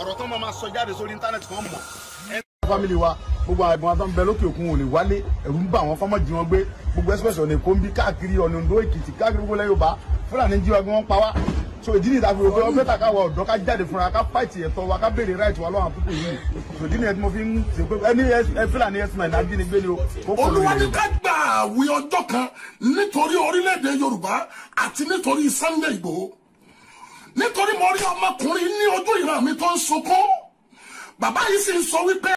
ọ̀rọ̀ tó máa sọ jáde sórí íńtánẹ́ẹ̀tì kan mọ̀. fámìlì wa gbogbo àwọn ẹ̀gbọ́n àtọ́ ń bẹ lókè òkun ò lè wálé ẹ̀rù ń bà wọ́n fọ́mọ́ jí wọn gbé gbogbo express ọ̀nà èkó ń bí káàkiri ọ̀nà Oǹdó Èkìtì káàkiri gbogbo ilẹ̀ Yorùbá Fúlàní jí wa gbé wọ́n pa wá so ìdí ni ìtàkùn òfin ọgbẹ́ tàkà wa ọ̀dọ́ ká jáde fúnra ká fáìtì ẹ̀tọ́ wa ká béèrè ráìtì wa lọ́wọ́ àkókò yìí so ìdí ni ẹni mo fi ń ṣe pé ẹni fúlàní ẹsùn náà ìdájí ni gbélé o. olùwádìí ká gbà àwìn ọjọ́ kan nítorí orílẹ̀-èdè Yorùbá àti nítorí Sunday Igboho nítorí mo rí ọmọkùnrin ní tó ń sunkún bàbá yìí sì ń sọ wípé.